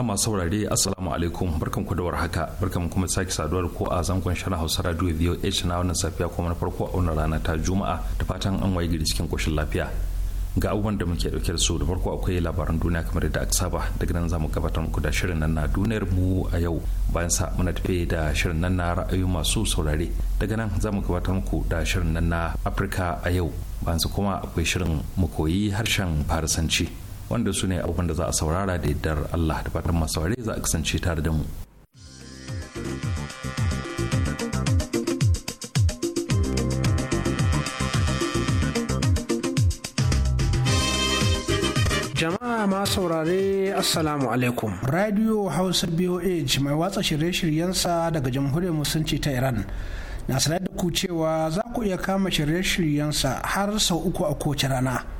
jama'a masu saurare assalamu alaikum barkan ku da haka barkan kuma sake saduwar ku a zangon shara Hausa Radio VOH na wannan safiya kuma na farko a wannan rana ta Juma'a da fatan an waye gari cikin koshin lafiya ga abubuwan da muke dauke da su da farko akwai labaran duniya kamar yadda aka saba daga nan zamu gabatar muku da shirin nan na duniyar mu a yau bayan sa muna tafe da shirin nan na ra'ayoyi masu saurare daga nan zamu gabatar muku da shirin nan na Afirka a yau bayan sa kuma akwai shirin mu koyi harshen Farisanci wanda su ne abubuwan da za a saurara da yardar Allah da fatan masu saurare za a kasance tare da mu. Jama'a ma saurare Assalamu alaikum. Radio Hausa BOH mai watsa shirye-shiryensa daga Jamhuriyar Musulunci ta Iran. Na sanar da ku cewa za ku iya kama shirye-shiryensa har sau uku a kowace rana.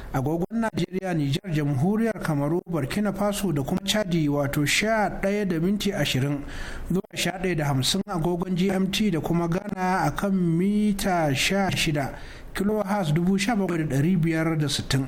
agogon najeriya nijar jamhuriyar kamaru burkina faso da kuma chadi wato ɗaya da minti ashirin zuwa ɗaya da hamsin agogon gmt da kuma ghana a kan mita shida dubu da sha biyar da sittin.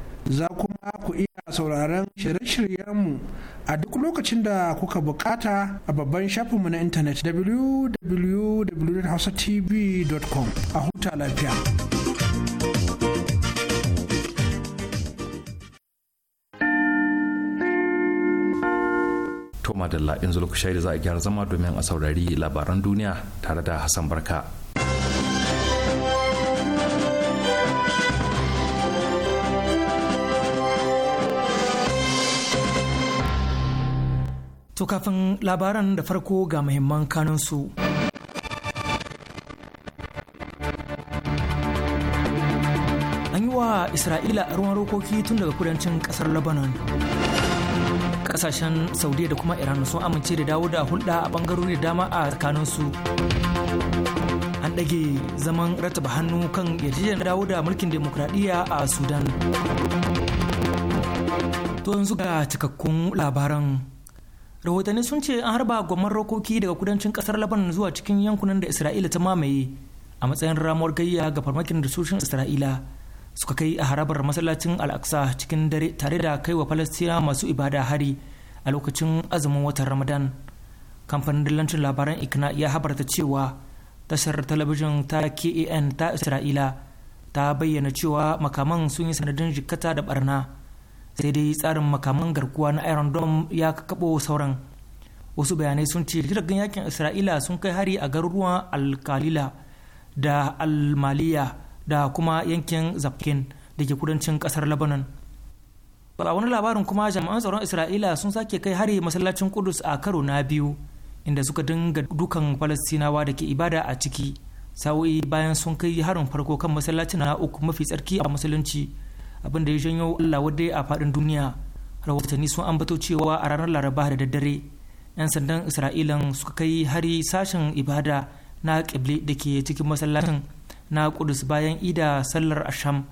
za kuma ku iya sauraron shirye-shiryenmu a duk lokacin da kuka bukata a babban shafinmu na intanet www.hausatv.com a huta lafiya. Toma da la'in zulukushai da za a gyara zama domin a saurari labaran duniya tare da Hassan Barka. To kafin labaran da farko ga muhimman kanunsu. An yi wa Isra'ila ruwan rokoki tun daga kudancin kasar Lebanon. Kasashen Saudiya da kuma Iran sun amince da dawo da hulɗa a ɓangarori da dama a tsakaninsu. An ɗage zaman rataba hannu kan yarjejen dawo da mulkin demokradiyya a Sudan. To yanzu ga cikakkun labaran. rahotanni sun ce an harba gwamnan rokoki daga kudancin kasar labanan zuwa cikin yankunan da isra'ila ta mamaye a matsayin ramuwar gayya ga farmakin da sojin isra'ila suka kai a harabar masallacin al'aqsa cikin dare tare da kai wa falastina masu ibada hari a lokacin azumin watan ramadan kamfanin dillancin labaran ikna ya habarta cewa tashar talabijin ta kan ta isra'ila ta bayyana cewa makaman sun yi sanadin jikkata da barna sai dai tsarin makaman garkuwa na iron dome ya kabo sauran wasu bayanai sun ce jiragen yakin isra'ila sun kai hari a garuruwan alkalila da almaliya da kuma yankin zafkin da ke kudancin kasar lebanon a wani labarin kuma jami'an tsaron isra'ila sun sake kai hari masallacin kudus a karo na biyu inda suka dinga dukan falastinawa da ke ibada a ciki sa'o'i bayan sun kai harin farko kan masallacin na uku mafi tsarki a musulunci abin da ya janyo Allah wadai a faɗin duniya watanni sun ambato cewa a ranar laraba da daddare 'yan sandan isra'ilan suka kai hari sashen ibada na ƙible da ke cikin masallacin na kudus bayan ida sallar asham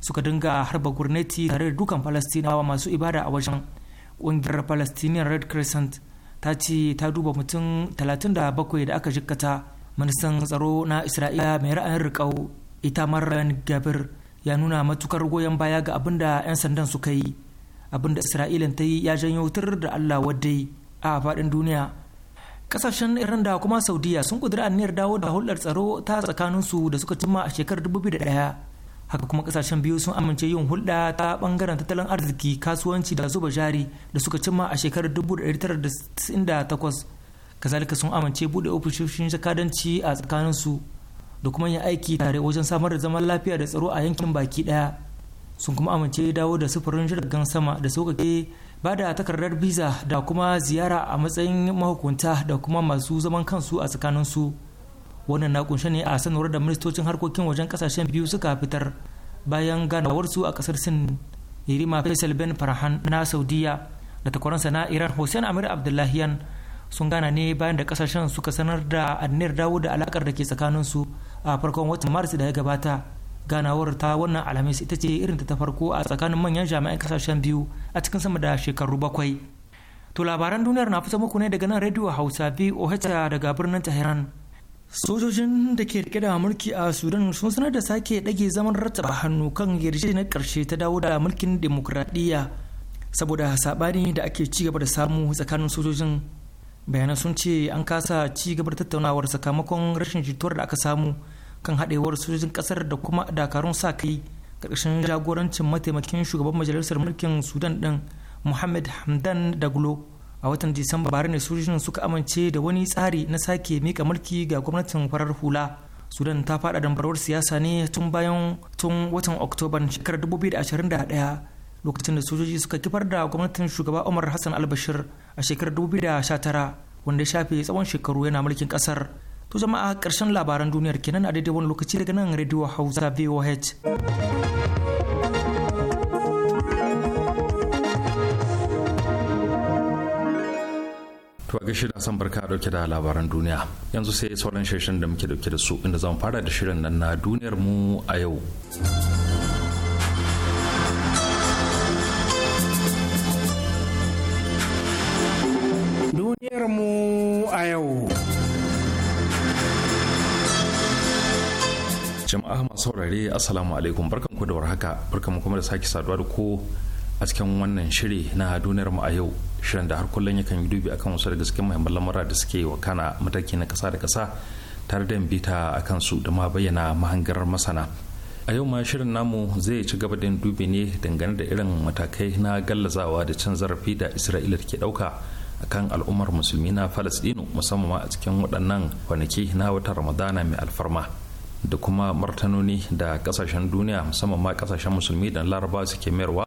suka dinga harba gurneti tare da dukan falastinawa masu ibada a wajen ƙungiyar palestinian red crescent ta ce ta duba mutum 37 da aka jikkata ministan tsaro na isra'ila mai ra'ayin riƙau itamar gabir ya nuna matukar goyon baya ga abin da 'yan sandan suka yi abin da isra'ilan ta yi ya janyo tur da allah wadai a faɗin duniya kasashen iran da kuma saudiya sun kudura aniyar dawo da hulɗar tsaro ta tsakaninsu da suka cimma a shekarar 2001 haka kuma kasashen biyu sun amince yin hulɗa ta bangaren tattalin arziki kasuwanci da zuba jari da suka cimma a shekarar 1998 kazalika sun amince buɗe ofishoshin jakadanci a tsakaninsu da kuma yin aiki tare wajen samar da zaman lafiya da tsaro a yankin baki daya sun kuma amince dawo da sufurin jirgin sama da sauƙaƙe ba da takardar biza da kuma ziyara a matsayin mahukunta da kuma masu zaman kansu a tsakaninsu wannan na kunshe ne a sanar da ministocin harkokin wajen kasashen biyu suka fitar bayan ganawarsu a kasar sin irima faisal ben farhan na saudiya da takwaransa na iran hussein amir abdullahiyan sun gana ne bayan da kasashen suka sanar da anniyar dawo da alakar da ke tsakaninsu a farkon watan maris da ya gabata ganawar ta wannan alhamis ita ce irin ta farko a tsakanin manyan jami'an kasashen biyu a cikin sama da shekaru bakwai to labaran duniyar na fasa muku ne daga nan rediyo hausa voh daga birnin tehran sojojin da ke rike da mulki a sudan sun sanar da sake dage zaman rattaba hannu kan yarjejeniyar karshe ta dawo da mulkin demokradiyya saboda saɓani da ake ci gaba da samu tsakanin sojojin bayanan sun ce an kasa ci gabar tattaunawar sakamakon rashin jituwar da aka samu kan haɗewar sojojin ƙasar da kuma dakarun sa kai ƙarshen jagorancin mataimakin shugaban majalisar mulkin sudan ɗin muhammad hamdan daglo a watan disamba bare ne sojojin suka amince da wani tsari na sake mika mulki ga gwamnatin farar hula sudan ta faɗa dambarwar siyasa ne tun bayan tun watan oktoban shekarar 2021 lokacin da sojoji suka kifar da gwamnatin shugaba umar hassan albashir a shekarar 2019 wanda ya shafe tsawon shekaru yana mulkin kasar to jama'a karshen labaran duniyar kenan a daidai wani lokaci daga nan radio hausa voh To a gashi da san barka dauke da labaran duniya. Yanzu sai sauran shirin da muke dauke da su inda zan fara da shirin nan na duniyar mu a yau. jama'a masu saurare assalamu alaikum barkan ku da warhaka barkan mu kuma da sake saduwa da ku a cikin wannan shiri na duniyar mu a yau shirin da har kullum yakan yi dubi akan wasu daga cikin muhimman lamura da suke wakana mataki na kasa da kasa tare da bita akan su da ma bayyana mahangar masana a yau ma shirin namu zai ci gaba da dubi ne dangane da irin matakai na gallazawa da cin zarafi da isra'ila ke dauka akan al'ummar musulmi na falastinu musamman a cikin waɗannan kwanaki na watan ramadana mai alfarma da kuma martanoni da kasashen duniya musamman ma kasashen musulmi da laraba suke mayarwa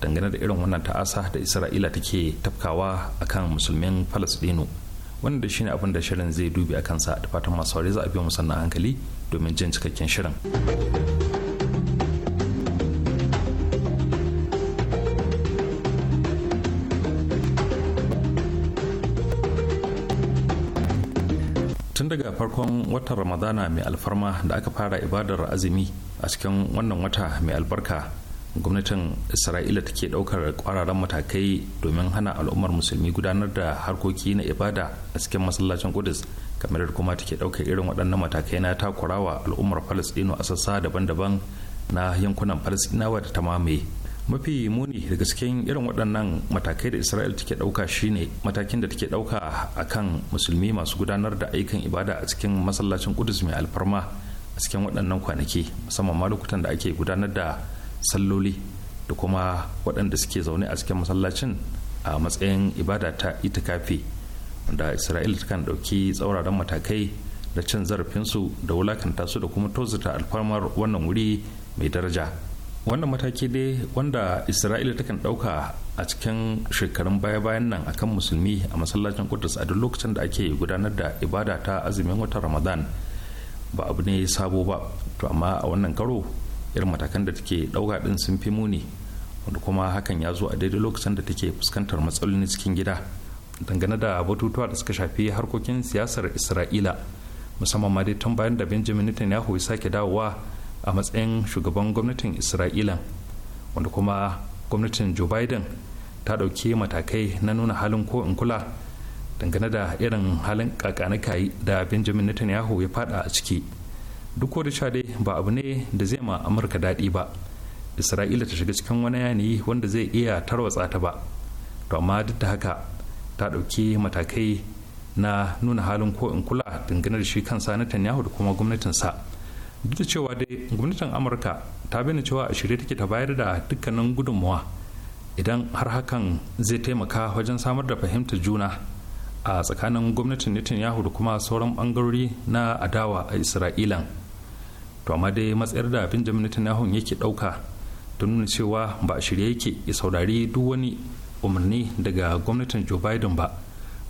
dangane da irin wannan ta'asa da isra'ila take tafkawa akan musulmin wannan wanda shine abin da shirin zai dubi a kansa da fatan masu za a biyo musamman hankali domin jin cikakken shirin farkon watan ramadana mai alfarma da aka fara ibadar azumi a cikin wannan wata mai albarka gwamnatin isra'ila ta ke daukar kwararan matakai domin hana al'ummar musulmi gudanar da harkoki na ibada a cikin masallacin kudus kamar kuma ke daukar irin waɗannan matakai na takurawa al'ummar falastino a sassa daban-daban na yankunan falasɗinawa da ta mamaye mafi muni daga cikin irin waɗannan matakai da isra'il take ɗauka shine matakin da take ɗauka a kan musulmi masu gudanar da aikin ibada a cikin masallacin kudus mai alfarma a cikin waɗannan kwanaki musamman ma lokutan da ake gudanar da salloli da kuma waɗanda suke zaune a cikin masallacin a matsayin ibada ta itikafi wanda isra'il kan ɗauki tsauraran matakai da cin zarafinsu da wulakanta su da kuma tozata alfarmar wannan wuri mai daraja wannan mataki dai wanda isra'ila takan dauka a cikin shekarun baya-bayan nan akan musulmi a masallacin kudus a duk lokacin da ake gudanar da ibada ta azumin watan ramadan ba abu ne sabo ba to amma a wannan karo irin matakan da take dauka din sun fi muni wanda kuma hakan ya zo a daidai lokacin da take fuskantar matsalolin cikin gida dangane da batutuwa da suka shafi harkokin siyasar isra'ila musamman ma dai tun bayan da benjamin netanyahu ya sake dawowa a matsayin shugaban gwamnatin isra'ila wanda kuma gwamnatin joe biden ta ɗauki matakai na nuna halin ko in kula dangane da irin halin kakanikayi da benjamin netanyahu ya fada a ciki duk da sha dai ba abu ne da zai ma amurka daɗi ba isra'ila ta shiga cikin wani yanayi wanda zai iya tarwatsa ta ba to amma duk da haka ta ɗauki matakai na nuna halin ko in kula dangane da shi kansa netanyahu da kuma gwamnatinsa duk da cewa dai gwamnatin amurka ta bayyana cewa a shirye take ta bayar da dukkanin gudunmuwa idan har hakan zai taimaka wajen samar da fahimtar juna a tsakanin gwamnatin netanyahu da kuma sauran bangarori na adawa a isra'ilan to amma dai matsayar da benjamin netanyahu yake dauka ta nuna cewa ba a shirye yake ya saurari duk wani umarni daga gwamnatin joe biden ba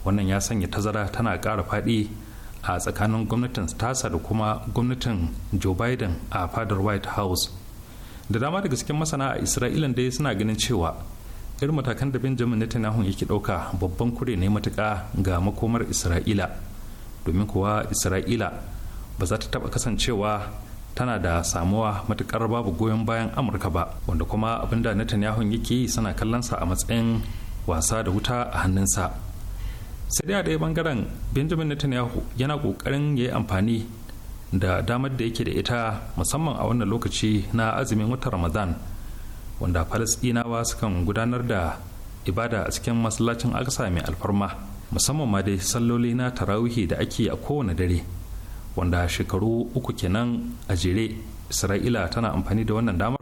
wannan ya sanya tazara tana kara faɗi a tsakanin gwamnatin stasa da kuma gwamnatin joe biden a fadar white house da dama daga cikin masana a isra'ilan dai suna ganin cewa irin matakan da benjamin netanyahu yake ɗauka babban kure ne matuka ga makomar isra'ila domin kuwa isra'ila ba za ta taɓa kasancewa tana da samuwa matukar babu goyon bayan amurka ba wanda kuma abinda netanyahu yake yi suna kallonsa a matsayin wasa da wuta a hannunsa sai dai a ɗaya bangaren benjamin netanyahu yana ƙoƙarin ya yi amfani da damar da yake da ita musamman a wannan lokaci na azumin watan ramadan wanda falasɗinawa sukan gudanar da ibada a cikin masallacin aksa mai alfarma musamman ma dai salloli na tarawihi da ake a kowane dare wanda shekaru uku kenan a jere isra'ila tana amfani da wannan damar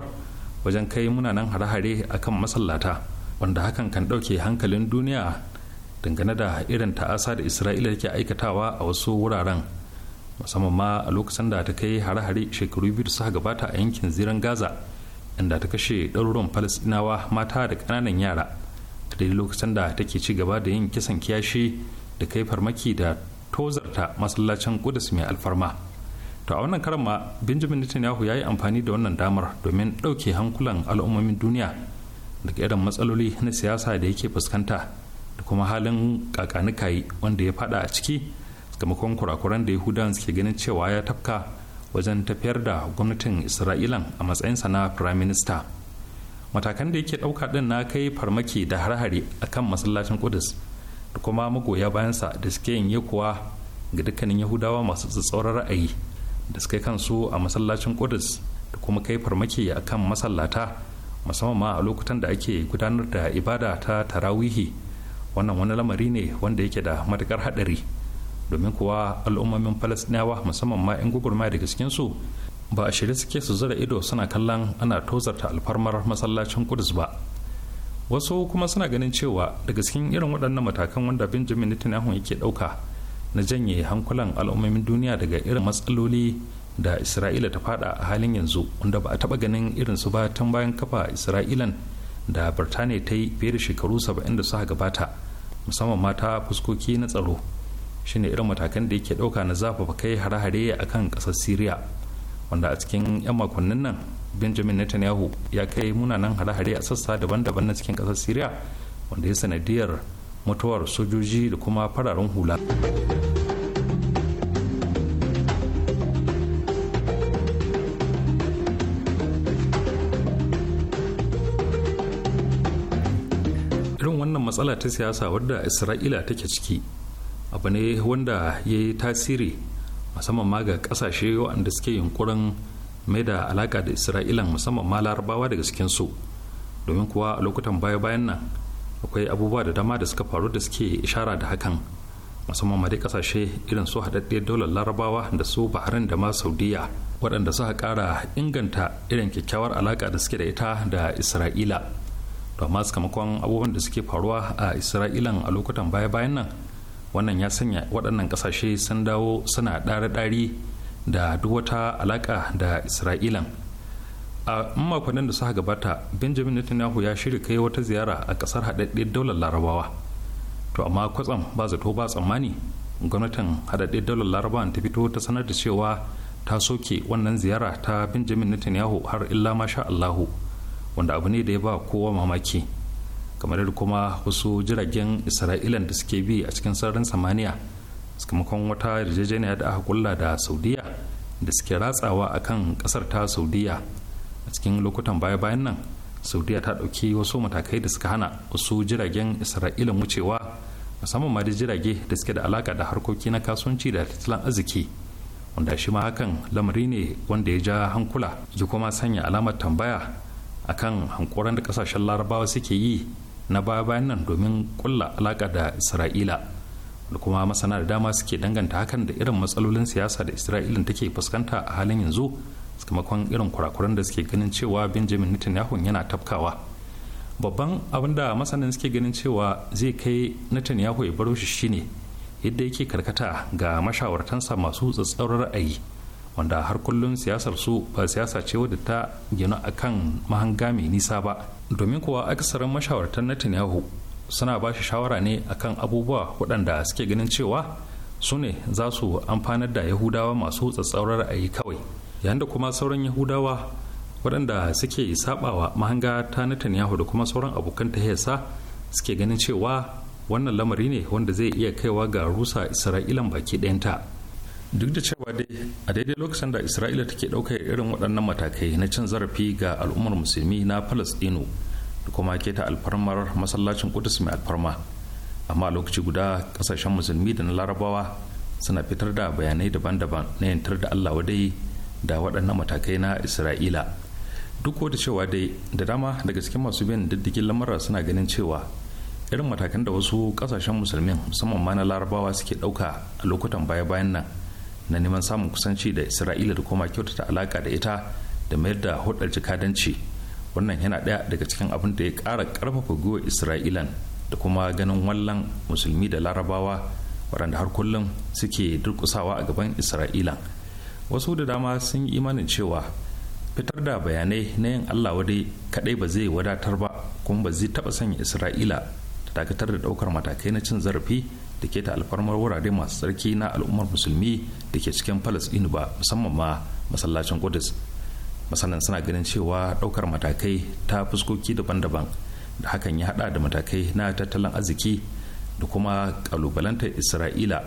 wajen kai munanan hare-hare akan masallata wanda hakan kan ɗauke hankalin duniya dangane da irin ta'asa da isra'ila ke aikatawa a wasu wuraren musamman ma a lokacin da ta kai hare-hare shekaru biyu da suka gabata a yankin ziran gaza inda ta kashe ɗaruruwan falasɗinawa mata da ƙananan yara ta daidai lokacin da take ci gaba da yin kisan kiyashi da kai farmaki da tozarta masallacin kudus mai alfarma to a wannan karan ma benjamin netanyahu ya yi amfani da wannan damar domin ɗauke hankulan al'ummomin duniya daga irin matsaloli na siyasa da yake fuskanta da kuma halin kakanikayi wanda ya fada a ciki sakamakon kurakuran da yahudawan suke ganin cewa ya tafka wajen tafiyar da gwamnatin isra'ilan a matsayinsa na prime minister matakan da yake ɗauka ɗin na kai farmaki da harhari akan a kan masallacin kudus da kuma magoya bayansa da suke yin yakuwa ga dukkanin yahudawa masu tsatsauran ra'ayi da suka kansu a masallacin kudus da kuma kai farmaki a kan masallata musamman ma a lokutan da ake gudanar da ibada ta tarawihi wannan wani lamari ne wanda yake da matukar hadari domin kuwa al'ummomin falastinawa musamman ma 'yan gwagwarmaya daga su ba a shirye suke su zura ido suna kallon ana tozarta alfarmar masallacin kudus ba wasu kuma suna ganin cewa daga cikin irin waɗannan matakan wanda benjamin netanyahu yake ɗauka na janye hankulan al'ummomin duniya daga irin matsaloli da isra'ila ta fada a halin yanzu wanda ba a taɓa ganin irinsu ba tun bayan kafa isra'ilan da birtaniya ta yi fiye da shekaru saba'in da su suka gabata musamman mata fuskoki na tsaro shine irin matakan da yake ɗauka na zafafa kai hare-hare a kan kasar syria wanda a cikin 'yan makonnin nan benjamin netanyahu ya kai munanan hare-hare a sassa daban-daban na cikin ƙasar syria wanda ya sanadiyar mutuwar sojoji da kuma fararen hula. matsala ta siyasa wadda isra'ila take ciki abu ne wanda ya yi tasiri musamman ma ga kasashe waɗanda suke yunkurin mai da alaka da isra'ila musamman ma larabawa daga cikin su domin kuwa a lokutan baya-bayan nan akwai abubuwa da dama da suka faru da suke ishara da hakan musamman ma dai kasashe irin su haɗaɗɗiyar daular larabawa da su bahrain da ma saudiya waɗanda suka ƙara inganta irin kyakkyawar alaka da suke da ita da isra'ila to amma sakamakon abubuwan da suke faruwa a isra'ilan a lokutan baya-bayan nan wannan ya sanya waɗannan ƙasashe sun dawo suna ɗare-ɗari da duk wata alaƙa da isra'ilan a makonnin da suka gabata benjamin netanyahu ya shirya kai wata ziyara a ƙasar haɗaɗɗen daular larabawa to amma kwatsam ba zato ba tsammani gwamnatin haɗaɗɗen daular larabawan ta fito ta sanar da cewa ta soke wannan ziyara ta benjamin netanyahu har illa masha allahu wanda abu ne da ya ba kowa mamaki kamar da kuma wasu jiragen isra'ila da suke bi a cikin sararin samaniya sakamakon wata yarjejeniya da aka kulla da saudiya da suke ratsawa a kan kasar ta saudiya a cikin lokutan baya-bayan nan saudiya ta ɗauki wasu matakai da suka hana wasu jiragen isra'ila wucewa musamman ma da jirage da suke da alaka da harkoki na kasuwanci da tattalin arziki wanda shi ma hakan lamari ne wanda ya ja hankula ya kuma sanya alamar tambaya akan hankoran da kasashen larabawa suke yi na baya bayan nan domin kulla alaka da isra'ila da kuma masana da dama suke danganta hakan da irin matsalolin siyasa da isra'ila take fuskanta a halin yanzu sakamakon irin kurakuran da suke ganin cewa benjamin netanyahu yana tafkawa babban abin da masanan suke ganin cewa zai kai netanyahu ya baro shi shine yadda yake karkata ga mashawartansa masu tsatsauran ra'ayi wanda har kullum siyasar su ba siyasa ce wadda ta gina akan mahanga mai nisa ba domin kuwa akasarin mashawartan Netanyahu suna ba shi shawara ne akan abubuwa waɗanda suke ganin cewa su ne za su amfanar da yahudawa masu a ra'ayi kawai yayin da kuma sauran yahudawa waɗanda suke sabawa mahanga ta Netanyahu da kuma sauran abokan hesa suke ganin cewa wannan lamari ne wanda zai iya kaiwa ga rusa isra'ilan baki ɗayanta duk da cewa dai a daidai lokacin da isra'ila take ɗaukar irin waɗannan matakai na cin zarafi ga al'ummar musulmi na palestino da kuma keta alfarmar masallacin kudus mai alfarma amma lokaci guda kasashen musulmi da na larabawa suna fitar da bayanai daban-daban na yantar da allah wadai da waɗannan matakai na isra'ila duk da cewa dai da dama daga cikin masu bin diddigin lamarra suna ganin cewa irin matakan da wasu kasashen musulmin musamman ma na larabawa suke ɗauka a lokutan baya-bayan nan na neman samun kusanci da isra'ila da kuma kyautata alaka da ita da mayar da hudar jikadanci wannan yana ɗaya daga cikin abin da ya ƙara ƙarfafa guwa isra'ilan da kuma ganin wallan musulmi da larabawa waɗanda har kullum suke durƙusawa a gaban isra'ilan. wasu da dama sun yi imanin cewa fitar da bayanai na yin allah wadai kaɗai ba zai wadatar ba kuma ba zai taɓa sanya isra'ila ta dakatar da ɗaukar matakai na cin zarafi da ke ta alfarmar wurare masu tsarki na al'ummar musulmi da ke cikin inu ba musamman ma masallacin kudus masanan suna ganin cewa ɗaukar matakai ta fuskoki daban-daban da hakan ya hada da matakai na tattalin arziki da kuma kalubalantar isra'ila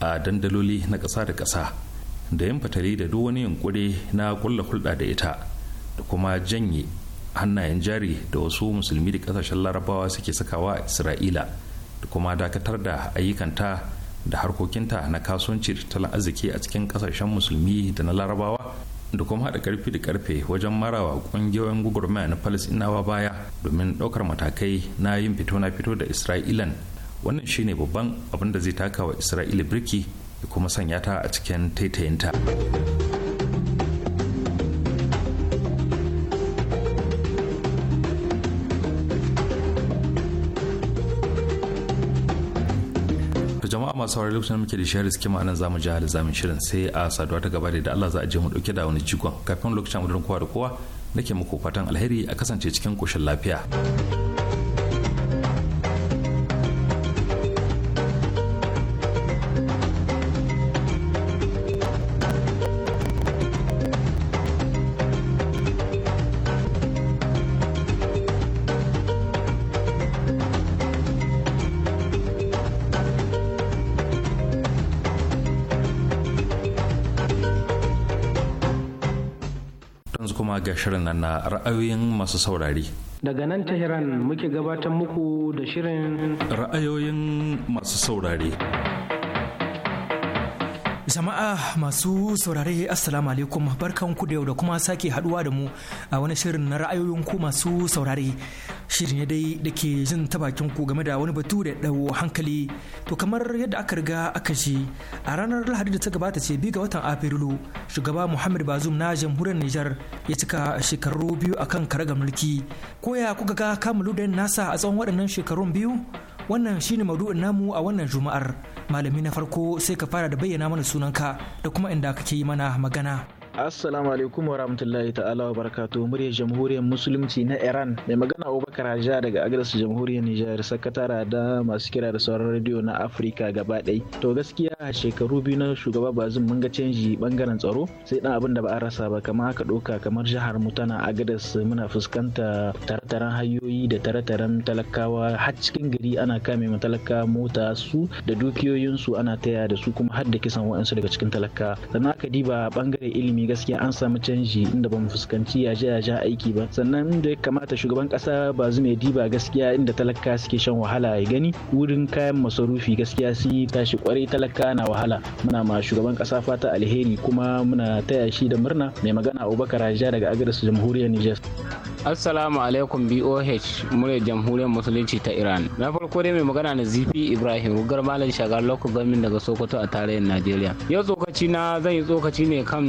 a dandaloli na ƙasa da ƙasa da yin fatali da duk wani yunkuri na kulla hulɗa da ita da kuma janye hannayen jari da wasu musulmi da kasashen larabawa suke sakawa a isra'ila da kuma dakatar da ayyukanta da harkokinta na kasuwanci da tattalin arziki a cikin kasashen musulmi da na larabawa da kuma haɗa ƙarfi da ƙarfe wajen marawa ƙungiyoyin gugurmaya na palestinawa baya domin ɗaukar matakai na yin fito na fito da isra'ilan wannan shine babban abin da zai taka wa isra'ila birki da kuma sanya ta a cikin taitayinta. masu saurari lokacin muke da shirin sikima nan zamu ji da zamu shirin sai a saduwa ta gaba da Allah za a je mu dauke da wani jigon kafin lokacin mu kowa da kowa nake muku fatan alheri a kasance cikin koshin lafiya. shirin nan na ra'ayoyin masu saurari. Daga nan Tehran muke gabatar muku da shirin ra'ayoyin masu saurari. Jama'a masu saurare Assalamu alaikum barkan ku da yau da kuma sake haduwa da mu a wani shirin na ra'ayoyin ku masu saurare shirin ne dai da ke jin ta bakin ku game da wani batu da dawo hankali to kamar yadda aka riga aka ji a ranar lahadi da ta gabata ce biyu ga watan afirilu shugaba muhammad bazum na jamhuriyar nijar ya cika shekaru biyu akan karagar mulki koya kuka ga da nasa a tsawon waɗannan shekarun biyu wannan shine maudu'in namu a wannan juma'ar malami na farko sai ka fara da bayyana mana sunanka da kuma inda kake yi mana magana Assalamu alaikum wa rahmatullahi ta'ala wa barakatu Murya jamhuriyar musulunci na Iran mai magana Abubakar Haja daga Agnes jamhuriyar Nijar sakatara da masu kira da sauran rediyo na Afirka gaba ɗaya. To gaskiya a shekaru biyu na shugaba Bazum mun ga canji bangaren tsaro sai dan abin da ba a rasa ba kamar aka ɗauka kamar jihar mu tana Agnes muna fuskanta tarataran hayoyi hanyoyi da tarataran talakawa har cikin gari ana kame ma talaka mota su da dukiyoyinsu ana taya da su kuma har da kisan wa'ansu daga cikin talaka. Sannan aka diba bangare ilimi gaskiya an samu canji inda ba mu fuskanci yaje yaje aiki ba sannan inda ya kamata shugaban kasa ba zume diba gaskiya inda talaka suke shan wahala ya gani wurin kayan masarufi gaskiya sun yi tashi kwarai talaka na wahala muna ma shugaban kasa fata alheri kuma muna taya shi da murna mai magana abubakar hajja daga agadas jamhuriyar niger assalamu alaikum boh murya jamhuriyar musulunci ta iran na farko dai mai magana na zifi ibrahim rugar malam shagar lokacin daga sokoto a tarayyar najeriya yau tsokaci na zan yi tsokaci ne kan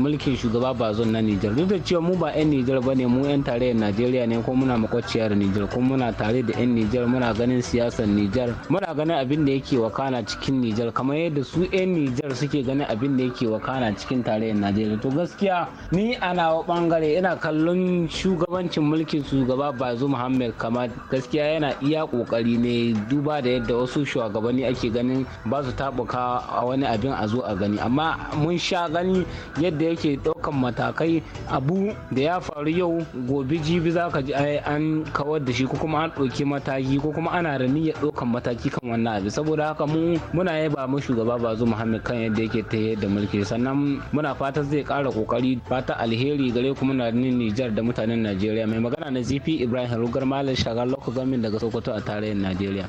mulkin shugaba bazon na Nijar duk da cewa mu ba 'yan Nijar ba ne mu 'yan tarayyar Najeriya ne kuma muna makwabciyar Nijar kuma muna tare da 'yan Nijar muna ganin siyasar Nijar muna ganin abin da yake wakana cikin Nijar kamar yadda su 'yan Nijar suke ganin abin da yake wakana cikin tarayyar Najeriya to gaskiya ni a nawa bangare ina kallon shugabancin mulkin shugaba Bazo Muhammad kama gaskiya yana iya kokari ne duba da yadda wasu shugabanni ake ganin ba su tabuka a wani abin a zo a gani amma mun sha gani yadda yake daukan matakai abu da ya faru yau gobe jibi za ka ji an kawar da shi ko kuma an ɗauki mataki ko kuma ana da niyyar ɗaukan mataki kan wannan abu saboda haka mu muna yaba mu shugaba ba bazu muhammad kan yadda yake ta yadda mulki sannan muna fatan zai ƙara kokari fata alheri gare kuma na nijar da mutanen najeriya mai magana na zifi ibrahim rugar malam shagar lokacin daga sokoto a tarayyar najeriya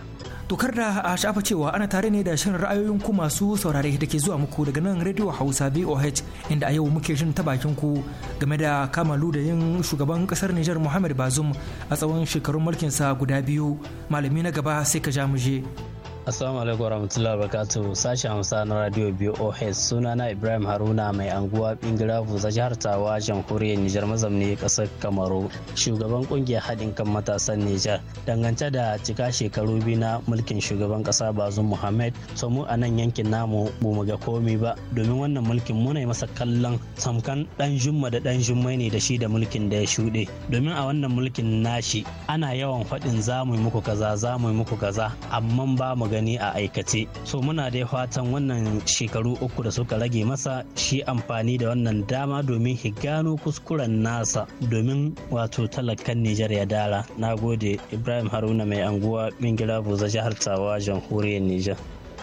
Tokar da a shafa cewa ana tare ne da shirin ra'ayoyin ku masu saurare da ke zuwa muku daga nan Radio Hausa VOH inda a yau muke jin ta bakin ku game da kamalu da yin shugaban kasar Nijar Muhammad Bazum a tsawon shekarun mulkinsa guda biyu malami na gaba sai ka ja muje. Assalamu alaikum warahmatullahi wabarakatuh sashen hamsa na Radio suna sunana Ibrahim Haruna mai anguwa Bingira za jihar Tawa jamhuriyar Nijar mazamni kasar Kamaru shugaban kungiyar haɗin kan matasan Nijar dangance da cika shekaru biyu na mulkin shugaban ƙasa Bazum Muhammad so mu a nan yankin namu bu mu ga komi ba domin wannan mulkin mu muna masa kallon samkan dan jumma da dan jummai ne da shi da mulkin da ya shuɗe domin a wannan mulkin nashi ana yawan faɗin zamu yi muku kaza zamu yi muku kaza amma ba mu gani a aikace so muna dai fatan wannan shekaru uku da suka rage masa shi amfani da wannan dama domin gano kuskuren nasa domin wato talakan nijar ya dara na gode ibrahim haruna mai anguwa mingira buza jihar tawa jamhuriyar nijar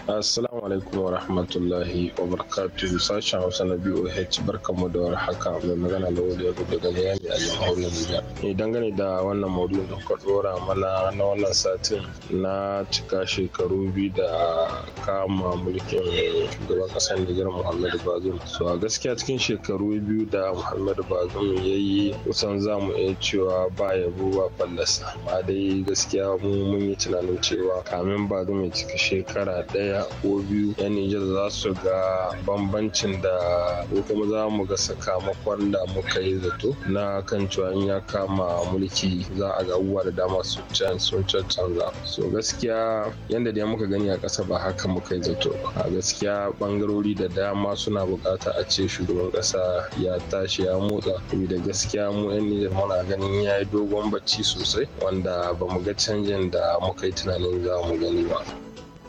Assalamu alaikum wa rahmatullahi wa barakatuhu sashen Hausa na BOH mu da haka mai magana da wani yau daga Miami a jamhuriyar Nijar. ne eh, dangane da wannan maudu'in da kuka mana na wannan satin na cika shekaru biyu da kama mulkin gaba kasar Nijar Muhammadu Bazoum. So a gaskiya cikin shekaru biyu da Muhammadu Bazoum ya yi kusan za mu iya cewa ba ya buwa fallasa. ba dai gaskiya mu mun yi tunanin cewa kamin Bazoum ya cika shekara ɗaya daya ko biyu yan Nijar za su ga bambancin da ko kuma za mu ga sakamakon da muka yi zato na kan cewa ya kama mulki za a ga abubuwa da dama su can sun canza so gaskiya yadda dai muka gani a ƙasa ba haka muka yi zato a gaskiya bangarori da dama suna bukata a ce shugaban ƙasa ya tashi ya motsa da gaskiya mu yan Nijar muna ganin ya yi dogon bacci sosai wanda ba mu ga canjin da muka yi tunanin za mu gani ba.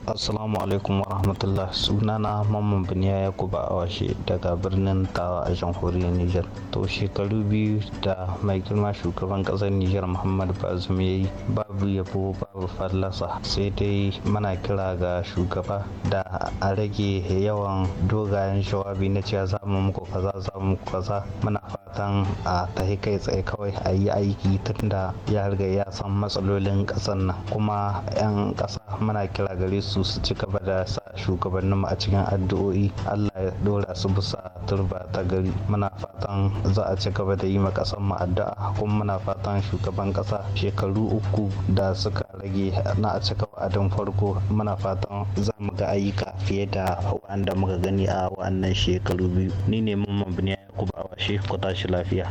Assalamu alaikum wa rahmatullah sunana Mamman Biniya Yakuba Awashe daga birnin Tawa a jamhuriyar Nijar. To shekaru biyu da mai girma shugaban kasar Nijar Muhammadu bazum ya yi babu yabo babu fallasa sai dai mana kira ga shugaba da a rage yawan dogayen jawabi na cewa za mu muku kaza za mu muku kaza muna fara don a tahi kai tsaye kawai a yi aiki da ya riga ya san matsalolin kasan nan kuma 'yan ƙasa muna kira gare su su ci gaba da sa mu a cikin addu'o'i allah ya dora su bisa turba ta gari muna fatan za a ci gaba da yi ma kasan mu addu'a kuma muna fatan shugaban kasa shekaru uku da suka rage na a gaba wa'adin farko muna fatan za mu ga ayyuka fiye da wanda muka gani a wannan shekaru biyu ni ne mun mabniya ku ba washe ku tashi lafiya.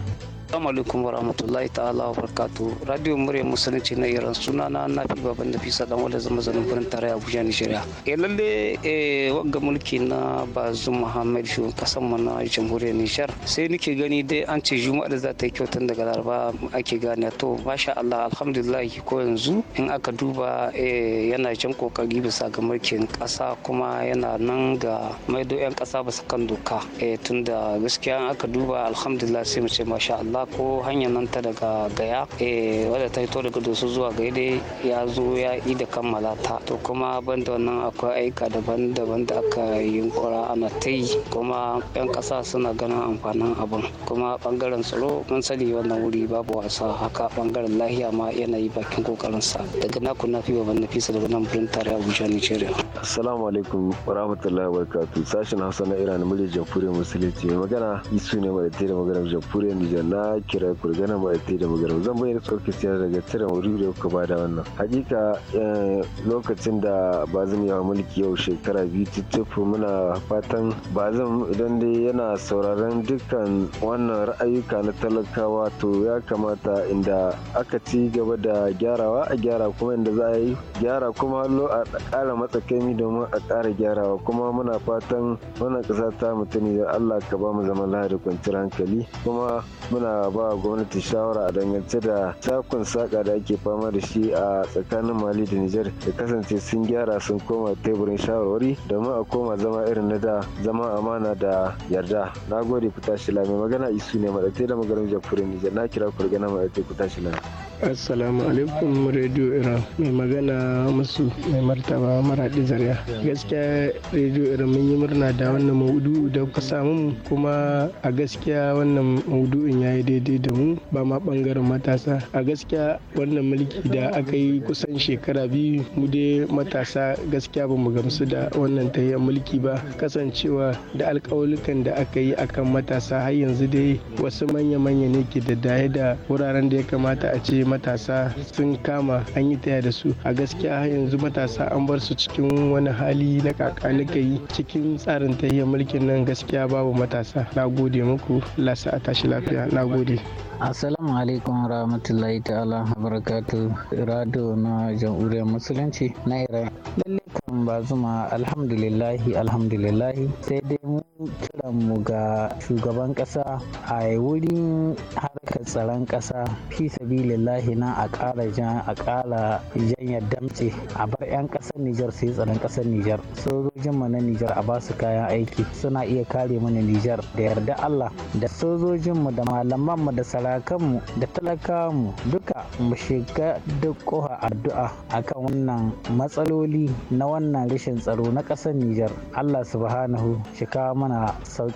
Assalamu alaikum warahmatullahi ta'ala wa barkatu. Radio Murya Musulunci na Iran suna na Nafi Baban Nafisa dan wanda zama zanen birnin tarayya Abuja Nigeria. e lalle eh wagga mulki na Bazu Muhammad shi kasar mu na Jamhuriyar Nijar. Sai nake gani dai an ce Juma'a da za ta yi kyautan daga Laraba ake gane to masha Allah alhamdulillah ko yanzu in aka duba eh, yana jan kokari bisa ga mulkin kasa kuma yana nan ga maido yan kasa su kan doka. Eh, tunda gaskiya aka duba alhamdulillah sai mu ce masha Allah ko hanyar nan ta daga gaya eh, wadda ta hito daga dusu zuwa gaya dai ya zo ya yi da kammala ta to kuma ban da wannan akwai aika daban-daban da aka yi kura ana ta yi kuma 'yan kasa suna ganin amfanin abin kuma bangaren tsaro mun sani wannan wuri babu wasa haka bangaren lahiya ma yanayi bakin kokarin sa daga naku na fi baban nafisa daga nan birnin tare abuja nigeria assalamu alaikum wa wa barakatuh sashen hausa na iran muryar jamhuriyar musulunci mai magana isu ne mai da magana jamhuriyar nijar na na kira kurgana ba ta da magaram zan bayyana tsoki siyar da tsirin wuri da kuka bada wannan hakika eh, lokacin da ba zan yi mulki yau shekara biyu tuttufu muna fatan zan idan dai yana sauraron dukkan wannan ra'ayuka na talakawa to ya kamata inda aka ci gaba da gyarawa a gyara kuma inda za a yi gyara kuma hallo a kara matsakaimi domin a kara gyarawa kuma muna fatan wannan ƙasa ta mutane da Allah ka ba mu zaman lahadi kwanciyar hankali kuma muna a ba gwamnati shawara a dangance da takun saka da ake fama da shi a tsakanin mali da nijar da kasance sun gyara sun koma teburin shawarwari domin a koma zama irin na da zama amana da yarda na gode ku tashi lami magana isu ne maɗaɗe da magarin jamhuriyar nijar na kira ku rigana maɗaɗe ku tashi lami assalamu alaikum radio iran mai magana musu mai martaba maraɗi zariya gaskiya radio iran mun yi murna da wannan maudu da kusa samu kuma a gaskiya wannan maudu'in ya yi daidai da mu ba ma bangaren matasa a gaskiya wannan mulki da aka yi kusan shekara biyu mu dai matasa gaskiya ba mu gamsu da wannan tayyar mulki ba kasancewa da alkawalukan da aka yi akan matasa har yanzu dai wasu manya-manya ne ke da daya da wuraren da ya kamata a ce matasa sun kama an yi taya da su a gaskiya har yanzu matasa an bar su cikin wani hali na kakanuka yi cikin tsarin tayyar mulkin nan gaskiya babu matasa na gode muku lasa a tashi lafiya na gode gode. Assalamu alaikum rahmatullahi ta'ala barakatu rado na jam'uriyar musulunci na Iran. Lalle kan ba zuma alhamdulillahi alhamdulillahi sai dai mu kiran mu ga shugaban kasa a wurin harkar tsaron kasa fi lillahi na a ƙara jan a ƙara janyar damce a bar 'yan ƙasar Nijar sai tsaron ƙasar Nijar. Sojojin mu na Nijar a basu kayan aiki suna iya kare mana Nijar da yarda Allah da sojojin da malam mu da sarakanmu da talakawanmu duka mu shiga duk ƙoha addu'a akan wannan matsaloli na wannan rashin tsaro na ƙasar Nijar. Allah subhanahu shi kawo mana sa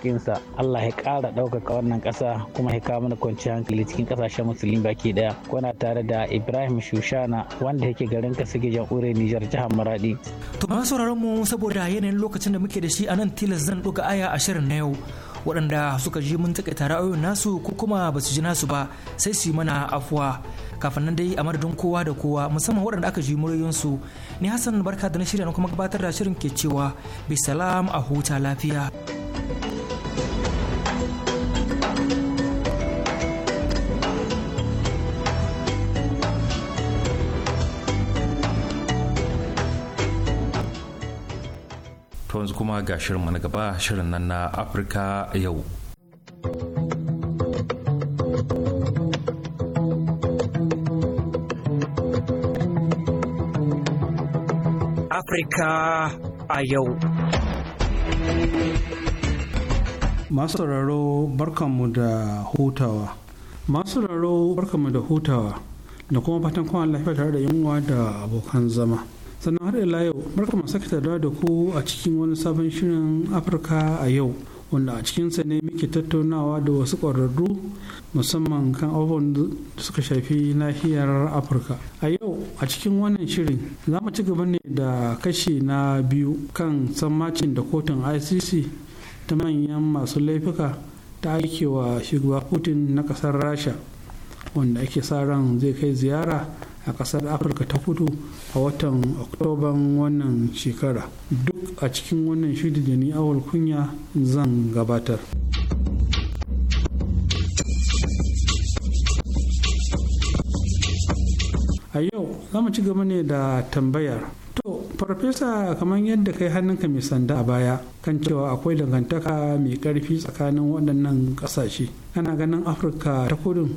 Allah ya ƙara ɗaukaka wannan ƙasa kuma ya kawo mana kwanciyar hankali cikin ƙasashen musulmi baki ɗaya. Kuna tare da Ibrahim Shushana wanda yake garin Kasigijan Ure Nijar jihar Maradi. To ba sauraron mu saboda yanayin lokacin da muke da shi a nan tilas zan ɗuga aya ashirin na yau. waɗanda suka ji mun takaita ra'ayoyin nasu ko kuma ba su ji nasu ba sai su yi mana afuwa kafin nan dai a madadin kowa da kowa musamman waɗanda aka ji muryoyinsu ni hassan barka da na shirya na kuma gabatar da shirin ke cewa bisalam a huta lafiya. yanzu kuma ga shirinmu na gaba shirin nan na afirka yau Afirka a yau. Masu sauraro barkanmu da hutawa. Masu sauraro barkanmu da hutawa da kuma fatan kwan lafiya tare da yunwa da abokan zama. sannan har ila yau barka masu sake da ku a cikin wani sabon shirin afirka a yau wanda a cikinsa ne muke tattaunawa da wasu ƙwararru musamman kan abubuwan da suka shafi nahiyar afirka a yau a cikin wannan shirin za mu ci gaba ne da kashi na biyu kan sammacin da kotun icc ta manyan masu laifuka ta aikewa shugaba putin na ƙasar rasha wanda ake sa ran zai kai ziyara a ƙasar afirka ta kudu a watan oktoban wannan shekara duk a cikin wannan shiri da ni awal kunya zan gabatar a yau za mu ci gaba ne da tambayar to farfesa kamar yadda kai hannunka mai sanda a baya kan cewa akwai dangantaka mai karfi tsakanin waɗannan ƙasashe ana ganin afirka ta kudu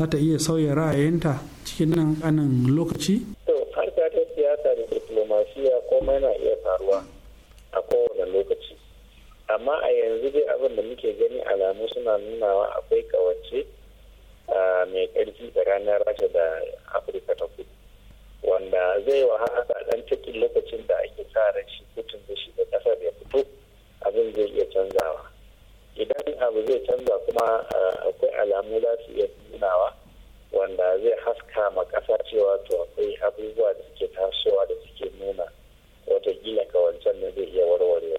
za ta iya sauya ra'ayinta cikin nan kanan lokaci? To, harka ta siyasa da diplomasiya kuma yana iya faruwa a kowane lokaci. Amma a yanzu dai abin da muke gani alamu suna nunawa akwai kawace mai ƙarfi tsakanin Rasha da Afirka ta kudu. Wanda zai wahala dan cikin lokacin da ake sa ran shi kutun da shi da ƙasar ya fito abin zai iya canzawa. Idan abu zai canza kuma akwai alamu za su iya nunawa. wanda zai haska ma ƙasa cewa to akwai abubuwa da suke tasowa da suke nuna watakila ka wancan da zai iya warwarewa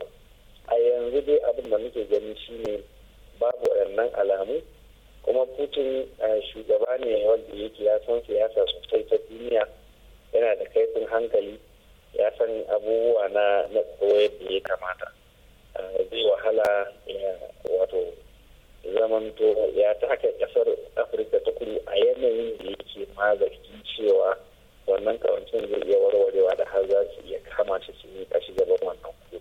a yanzu dai abin da muke gani shine babu wannan alamu kuma putin eh, shugaba ne wanda yake ya san siyasa sosai ta duniya yana da kaifin hankali ya san abubuwa na na koyar da ya kamata eh, zai wahala eh, wato zamanto ya ta haka kasar afirka ta kudu a yanayin da yake mazarkin cewa wannan kawancin zai iya warwarewa da har za su iya kama shi su kashi gaban wannan kudu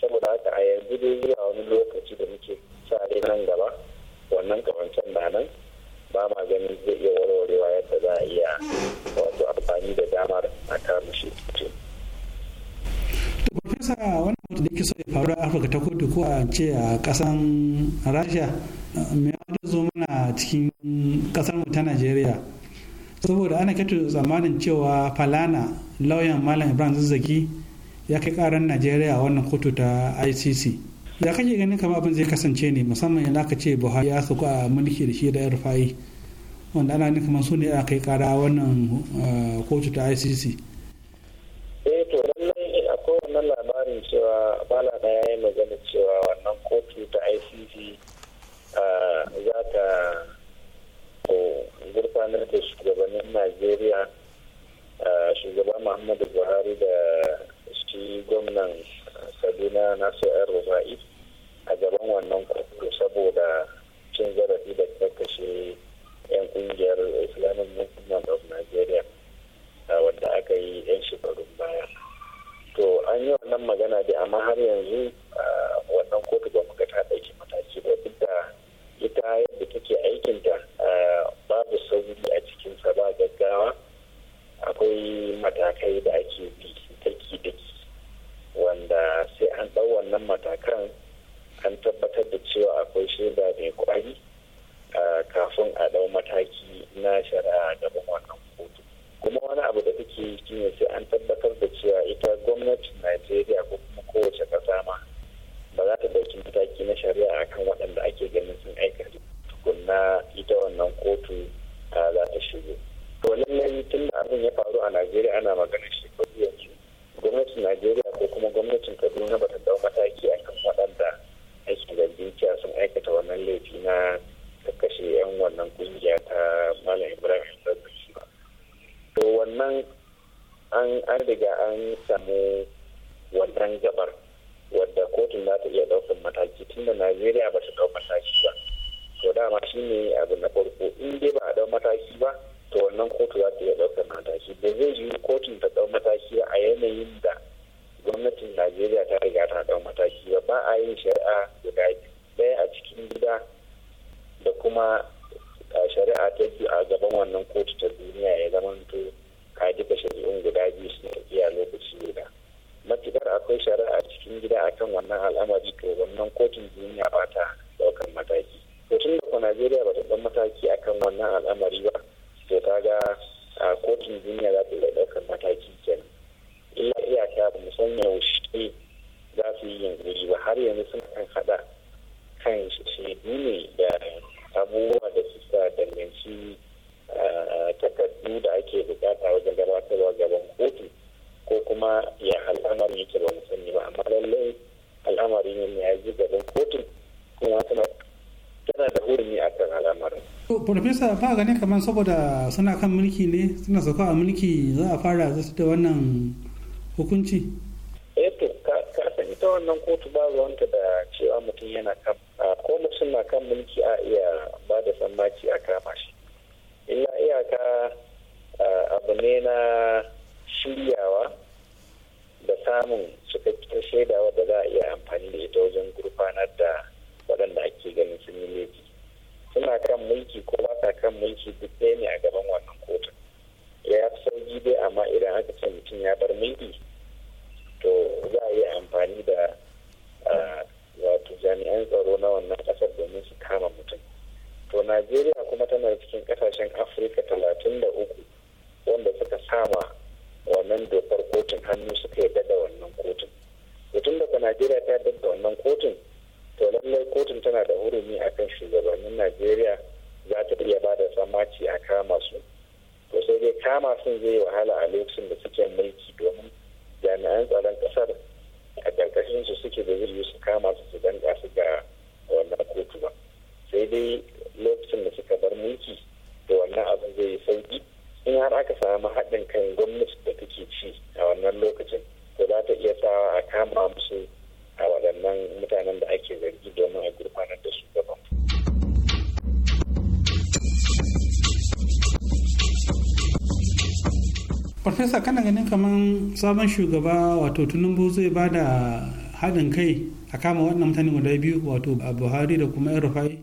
saboda haka a yanzu dai zuwa wani lokaci da muke sare nan gaba wannan kawancin na nan ba ma ganin zai iya warwarewa yadda za a iya wato amfani da damar a kama shi Profesa wannan mutu da yake so ya faru a Afirka ta Kotu ko a ce a kasan Rasha me ya zo mana cikin kasar mu ta Najeriya. Saboda ana kato tsammanin cewa Falana lauyan Malam Ibrahim Zazzaki ya kai karan Najeriya wannan kotu ta ICC. Ya kake ganin kamar abin zai kasance ne musamman yana ka ce Buhari ya sauka a mulki da shi da Rufai wanda ana ganin kamar su ne a kai kara wannan eh, kotu ta ICC. labarin cewa bala na ya yi magana cewa wannan kotu ta icc za ta gurfanar da shugabannin najeriya shugaba muhammadu buhari da shi gwamnan sabina nasu yan rufa'i a gaban wannan kotu saboda cin zarafi da kashe 'yan kungiyar islamic movement of nigeria wanda aka yi 'yan shekarun baya to an yi wannan magana dai amma har yanzu wannan kotu ba mu ga ta ɗauki mataki ba duk da ita yadda take aikin aikinta babu sauri a cikinsa ba gaggawa akwai matakai da ake bi daki wanda sai an ɗau wannan matakan an tabbatar da cewa akwai shaida mai kwari kafin a ɗau mataki na shari'a gaban wannan kuma wani abu da take yi shine sai an tabbatar da cewa ita gwamnatin najeriya ko kuma kowace kasa ma ba za ta ɗauki mataki na shari'a akan waɗanda ake ganin sun aikata tukunna ita wannan kotu ta za ta shigo to lallai tun da abin ya faru a najeriya ana maganar shekaru yanzu gwamnatin najeriya ko kuma gwamnatin kaduna ba ta dau mataki akan waɗanda ake zargin cewa sun aikata wannan laifi na ta kashe 'yan wannan kungiya ta malam ibrahim zazzaki to wannan an riga an samu wannan gabar wadda kotun za ta iya ɗaukar mataki tun da najeriya ba ta daukan mataki ba to dama shi ne abu na farko in dai ba a ɗau mataki ba to wannan kotu za ta iya ɗaukar mataki da zai yi kotun ta ɗau mataki a yanayin da gwamnatin najeriya ta riga ta ɗau mataki ba ba a yin shari'a guda biyu ɗaya a cikin gida da kuma shari'a ta biyu a gaban wannan kotu ta duniya ya zama to ka duka shari'un guda biyu suna iya lokaci guda matukar akwai shari'a cikin gida akan wannan al'amari to wannan kotun duniya ba ta daukan mataki to tun da najeriya ba ta dan mataki akan wannan al'amari ba to ta ga kotun duniya za ta iya daukan mataki kenan illa iyaka ba mu san yaushe za su yi yanzu ba har yanzu suna kan hada kan shi ne da abubuwa ci eh, takardu da ake bukata wajen gabatarwa gaban kotu ko kuma ya al'amarin yake ba sani ba amma lallai al'amarin ne ya ji gaban kotu kuma tana tana da hurumi a kan al'amarin. Profesa ba gani kamar saboda suna kan mulki ne suna sauka a mulki za a fara zasu da wannan hukunci? Eh to ka san ita wannan kotu ba ruwanta da cewa mutum yana kan ko mutum na kan mulki a iya ba da sammaci a kama shi illa iyaka abu ne na shiryawa da samun cikakken shaidawa da za a iya amfani da ita wajen gurfanar da waɗanda ake ganin sun yi laifi suna kan mulki ko ba sa kan mulki duk ɗaya ne a gaban wannan kotun ya fi sauki dai amma idan aka ce mutum ya bar mulki to za a iya amfani da wato jami'an tsaro na wannan kasar domin su kama mutum to najeriya kuma tana cikin kasashen afirka talatin da uku wanda suka sama wannan dokar kotun hannu suka yarda da wannan kotun mutum daga najeriya ta daga wannan kotun to lallai kotun tana da hurumi kan shugabannin najeriya za ta iya ba da samaci a kama su to sai dai kama sun zai wahala a lokacin da suke mulki domin jami'an tsaron kasar a ƙarƙashin su suke da zai su kama su su danga su ga wannan kotu ba sai dai lokacin da suka bar mulki da wannan abin zai yi sauki in har aka samu haɗin kan gwamnati da take farfesa kana ganin kamar sabon shugaba wato tunubu zai ba da haɗin kai a kama wannan mutane guda biyu wato a buhari da kuma yan rufai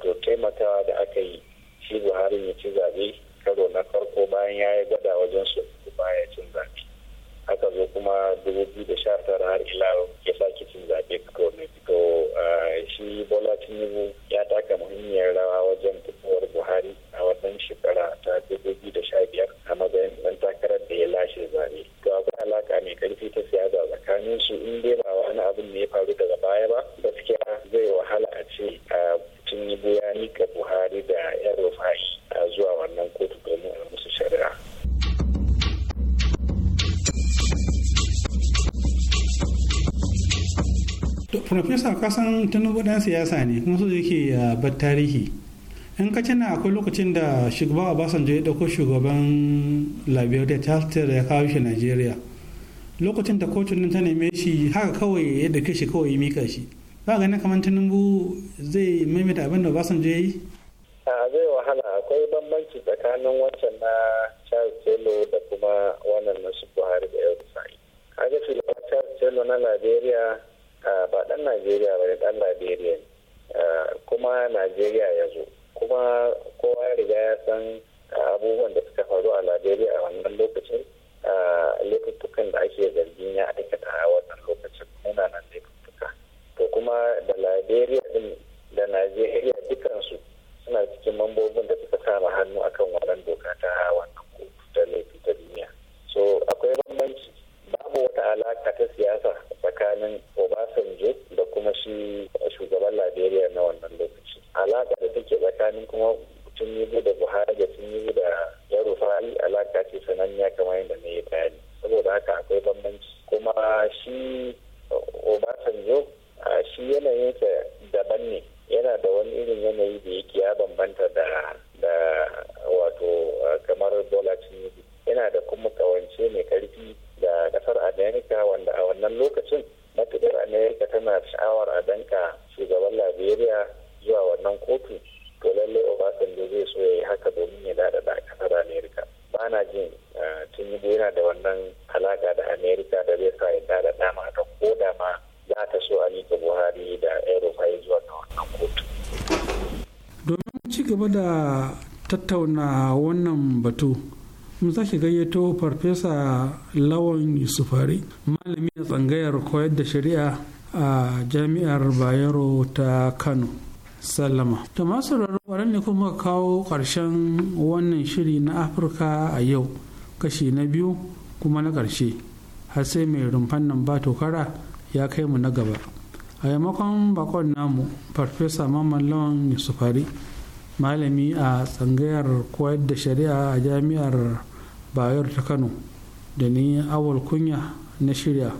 wato taimakawa da aka yi shi buhari ya ci zabe karo na farko bayan ya yi gada wajen su baya cin zabe aka zo kuma dubu biyu da sha tara har ila ya sake cin zabe karo na to shi bola tinubu ya taka muhimmiyar rawa wajen fitowar buhari a wannan shekara ta dubu biyu da sha biyar a matsayin ɗan takarar da ya lashe zabe to akwai alaka mai karfi ta siyasa tsakanin su in dai ba wani abin ne ya faru daga baya ba gaskiya zai wahala a ce buya ni ga buhari da yan rufa'i a zuwa wannan kotu domin a musu shari'a Profesa kasan tinubu dan siyasa ne kuma su yake bar tarihi in ka tuna akwai lokacin da shugaban obasanjo ya dauko shugaban liberia charter ya kawo shi nigeria lokacin da kotun nan ta neme shi haka kawai ya dauke shi kawai ya mika shi ba ganin kamar tinubu zai maimaita abin da basan je yi zai wahala akwai bambanci tsakanin wancan na charles taylor da kuma wannan na su buhari da yau sa'i shugaban charles taylor na nigeria ba dan nigeria ba ne dan nigeria kuma nigeria ya zo kuma kowa ya riga ya san abubuwan da suka faru a nigeria a wannan lokacin lokacin da ake zargin ya aikata a wannan lokacin nan zai da kuma da liberia din da najeriya dukansu suna cikin mambobin da suka kama hannu akan wannan doka ta wannan kotu ta laifi ta duniya so akwai bambanci babu wata alaka ta siyasa tsakanin obasanjo da kuma shi shugaban liberia na wannan lokaci alaka da take tsakanin kuma yi da buhari da yi da yaro fari alaka ce sananniya kamar yadda na yi bayani saboda haka akwai bambanci kuma shi tattauna wannan batu mun sake gayyato farfesa lawan yusufari malami na tsangayar koyar da shari'a a jami'ar bayero ta kano sallama to masu rarrabaran ne kuma kawo ƙarshen wannan shiri na afirka a yau kashi na biyu kuma na ƙarshe har sai mai rumfan nan ba tokara ya kai mu na gaba a yamakon bakon namu farfesa mamman lawan yusufari malami a tsangayar koyar da shari'a a jami'ar bayar ta kano da ni awal kunya na shirya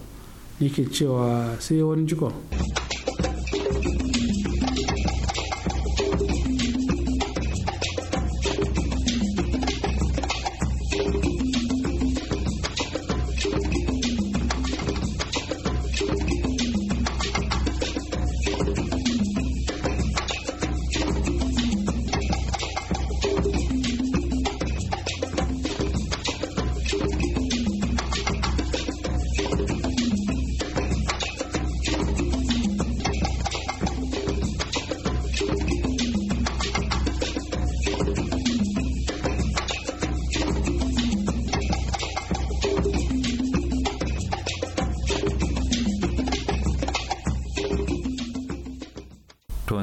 nake cewa sai wani jikon.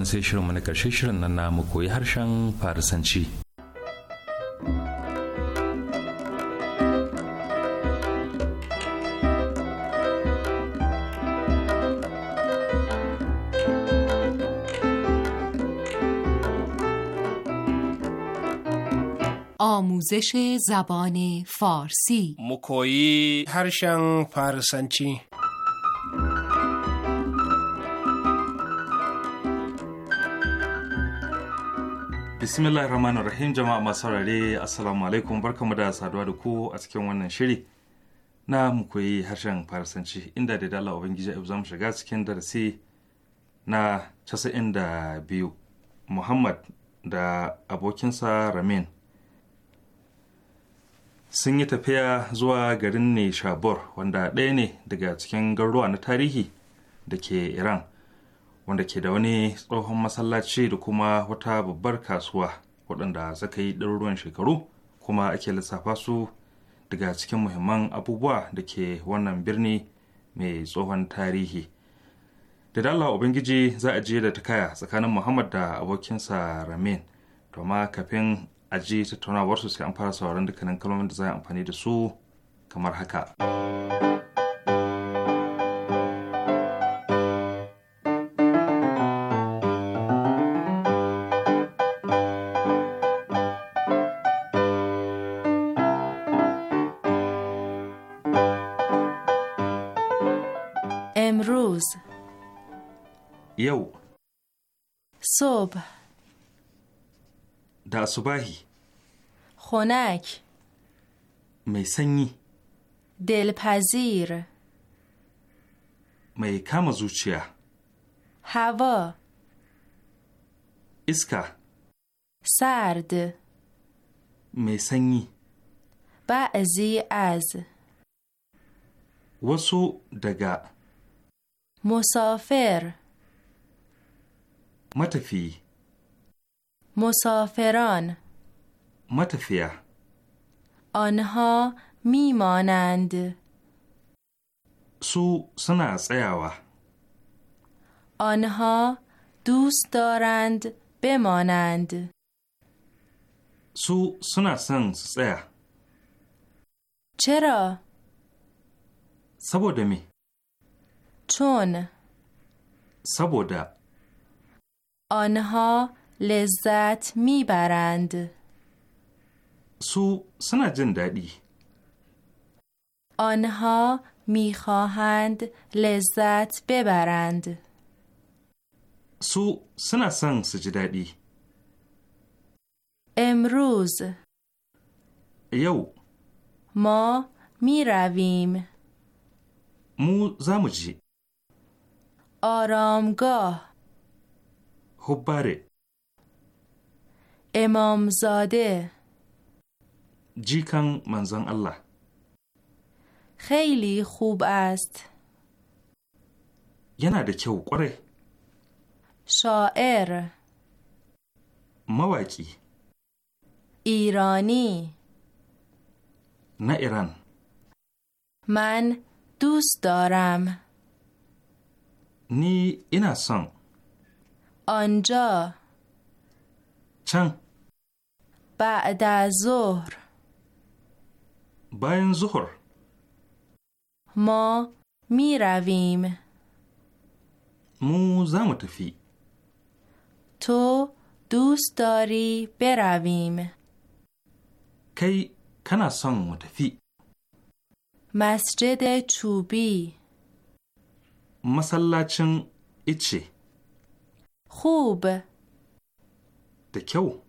sai shirinmu na karshe shirin nan namu koyi harshen farisanci. آموزش زبان فارسی مکویی هرشن فارسنچی bismillahir rahmanir rahim jama'a masu saurare assalamu alaikum barkamu da saduwa da ku a cikin wannan shiri na mu koyi harshen farasanci inda da dala ubangiji abu zamu shiga cikin darasi na biyu muhammad da abokinsa ramin sun yi tafiya zuwa garin ne shabor wanda ɗaya ne daga cikin garuruwa na tarihi da ke iran wanda ke da wani tsohon masallaci da kuma wata babbar kasuwa waɗanda suka yi ɗaruruwan shekaru kuma ake lissafa su daga cikin muhimman abubuwa da ke wannan birni mai tsohon tarihi da dalla ubangiji za a je da ta kaya tsakanin muhammad da abokinsa ramin to ma kafin a ji tattaunawarsu sai an fara sauran dukkanin kalmomin da za a amfani da su kamar haka. امروز یو صبح دا صبحی خنک می سنگی دلپذیر می کم زوچیا هوا اسکا سرد می سنگی بعضی از وسو دگا مسافر متفی مسافران متفیه آنها میمانند سو سنا سیاوا آنها دوست دارند بمانند سو سنا سن سیا چرا سبودمی چون سبوده آنها لذت میبرند سو سنا دادی آنها میخواهند لذت ببرند سو سنا سن سجدادی امروز یو ما میرویم مو زمجی آرامگاه هبره خب بله. امامزاده جیکن منزن الله خیلی خوب است یه نده که قره شاعر مواکی ایرانی نه ایران من دوست دارم نی این سان آنجا چن بعد از ظهر باین ظهر ما می رویم مو متفی تو دوست داری برویم کی کنا سان متفی مسجد چوبی masallacin ice خوب da kyau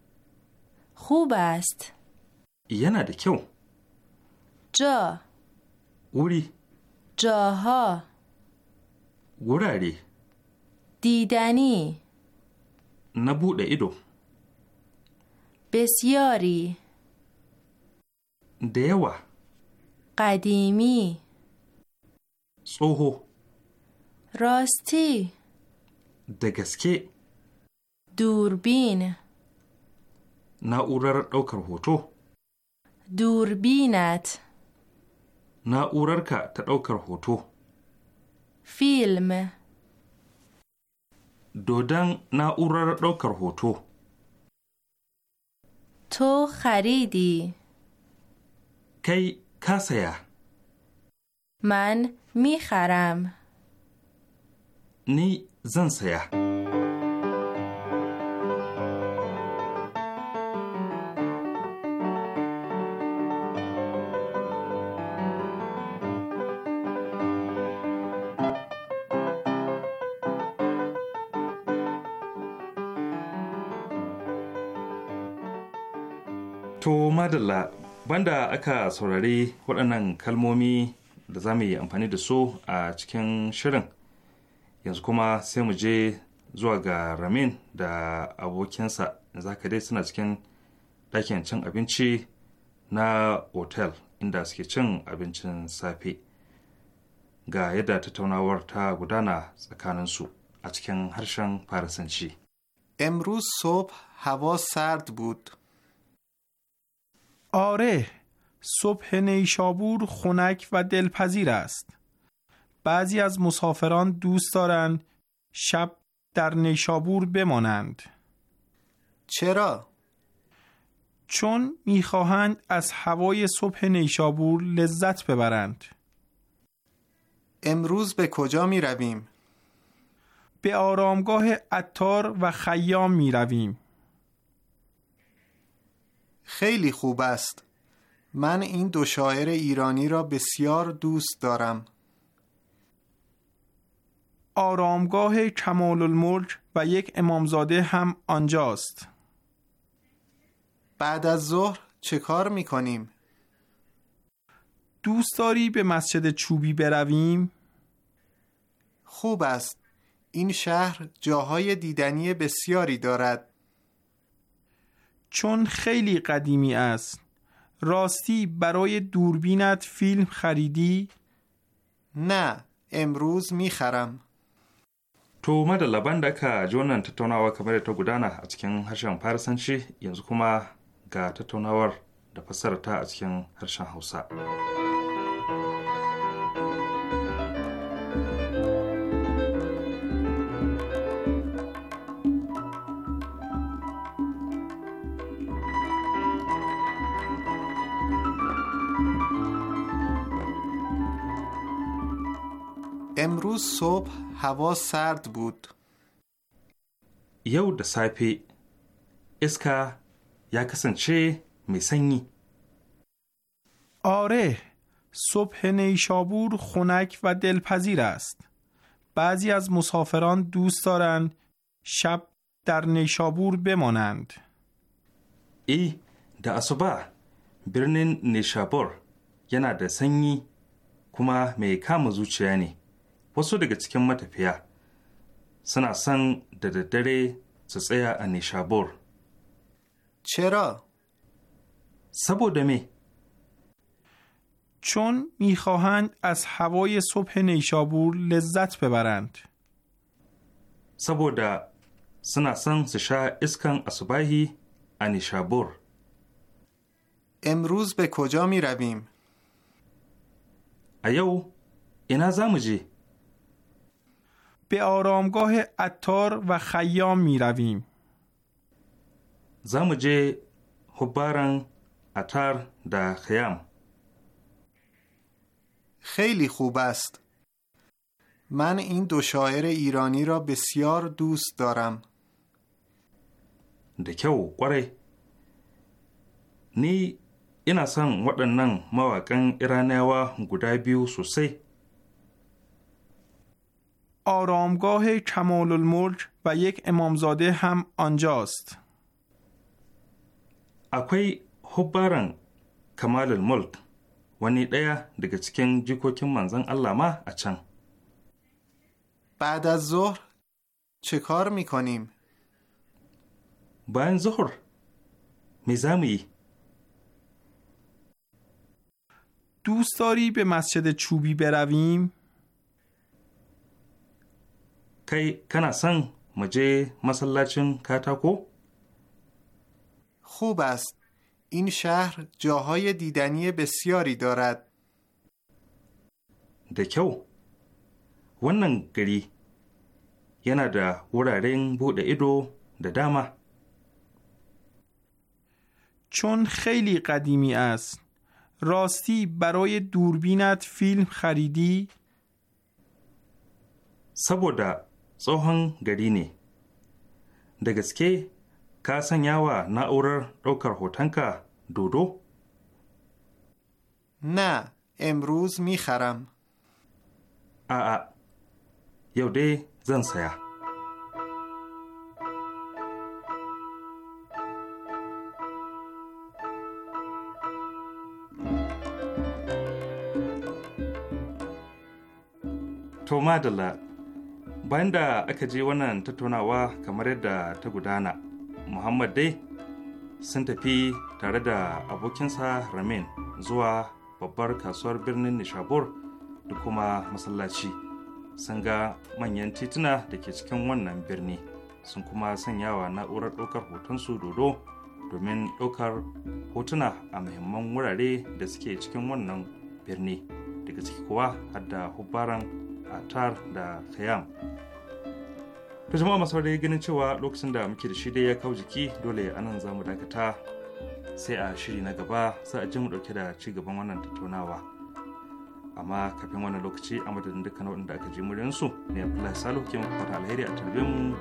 خوب yana da kyau جا wuri جاها wurare Didani. na buɗe ido بسیاری da yawa ƙadimi tsoho راستی دگسکی دوربین اورر دوکر هوتو دوربینت اورر کا تا دوکر هوتو فیلم دودن اورر دوکر هوتو تو خریدی کی کاسیا؟ من میخرم ni zan saya. To madalla banda aka saurari waɗannan kalmomi da za mu yi amfani da su a cikin shirin yanzu kuma sai mu je zuwa ga ramin da abokinsa za ka dai suna cikin ɗakin cin abinci na otel inda suke cin abincin safe ga yadda tattaunawar ta gudana tsakaninsu a cikin harshen farisanci امروز صبح هوا سرد بود. آره، صبح نیشابور خنک و دلپذیر است. بعضی از مسافران دوست دارند شب در نیشابور بمانند چرا؟ چون میخواهند از هوای صبح نیشابور لذت ببرند امروز به کجا می رویم؟ به آرامگاه اتار و خیام می رویم خیلی خوب است من این دو شاعر ایرانی را بسیار دوست دارم آرامگاه کمال الملک و یک امامزاده هم آنجاست بعد از ظهر چه کار می کنیم؟ دوست داری به مسجد چوبی برویم؟ خوب است این شهر جاهای دیدنی بسیاری دارد چون خیلی قدیمی است راستی برای دوربینت فیلم خریدی؟ نه امروز میخرم To da laban da aka ji wannan tattaunawa kamar da ta gudana a cikin harshen Farisanci yanzu kuma ga tattaunawar da fassarta a cikin harshen Hausa. امروز صبح هوا سرد بود یو د اس اسکا یا کسنچه میسنی آره صبح نیشابور خنک و دلپذیر است بعضی از مسافران دوست دارند شب در نیشابور بمانند ای در صبح نیشابور نیشابور ینا ند سنگی کما می kama wasu daga cikin matafiya suna son da daddare su tsaya a چرا؟ saboda me چون میخواهند از هوای صبح نیشابور لذت ببرند سبودا سنا سن سشا اسکن اصباهی انیشابور امروز به کجا می رویم؟ ایو اینا زمجی به آرامگاه عطار و خیام می رویم. زمجه حبارن عطار دا خیام خیلی خوب است. من این دو شاعر ایرانی را بسیار دوست دارم. دکه و قره نی اینا سان waɗannan ایرانی و گدای بیو سوسی آرامگاه کمال الملک و یک امامزاده هم آنجاست اکوی حباران کمال الملک ونی دیا دگه چکن جیکوکین منزن الله ما اچن بعد از ظهر چه کار میکنیم؟ بعد ظهر میزمی دوست داری به مسجد چوبی برویم؟ کی کنا سن مجه مسلچن کو خوب است این شهر جاهای دیدنی بسیاری دارد دکو wannan گری ینا da wuraren بود ido da dama. چون خیلی قدیمی است راستی برای دوربینت فیلم خریدی؟ سبودا tsohon gari ne da gaske ka sanya wa na'urar ɗaukar hotonka dodo? na mi haram. a'a yau dai zan saya to madalla bayan da aka je wannan tattaunawa kamar yadda ta gudana muhammad dai sun tafi tare da abokinsa ramin zuwa babbar kasuwar birnin nishabur da kuma masallaci sun ga manyan tituna da ke cikin wannan birni sun kuma sanyawa na'urar ɗaukar hotonsu dodo domin ɗaukar hotuna a muhimman wurare da suke cikin wannan birni daga ciki kuwa har da hubbaran atar da khayam ta jama'a masu dai ganin cewa lokacin da muke da shi dai ya kawo jiki dole a nan za mu dakata sai a shiri na gaba za a ji mu dauke da ci gaban wannan tattaunawa amma kafin wannan lokaci a madadin dukkan waɗanda aka ji muryansu ne abdullahi Salihu ke muku fata alheri a tarbe mu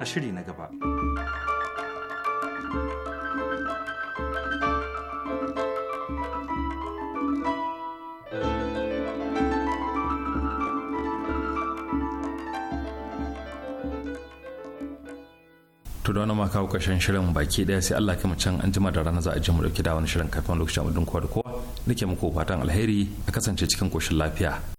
a shiri na gaba. da wani ma kawo kashin shirin baki daya sai Allah mu can an jima da rana za a ji mu dauki da wani shirin kafin lokacin mu kowa da kowa nake muku fatan alheri a kasance cikin koshin lafiya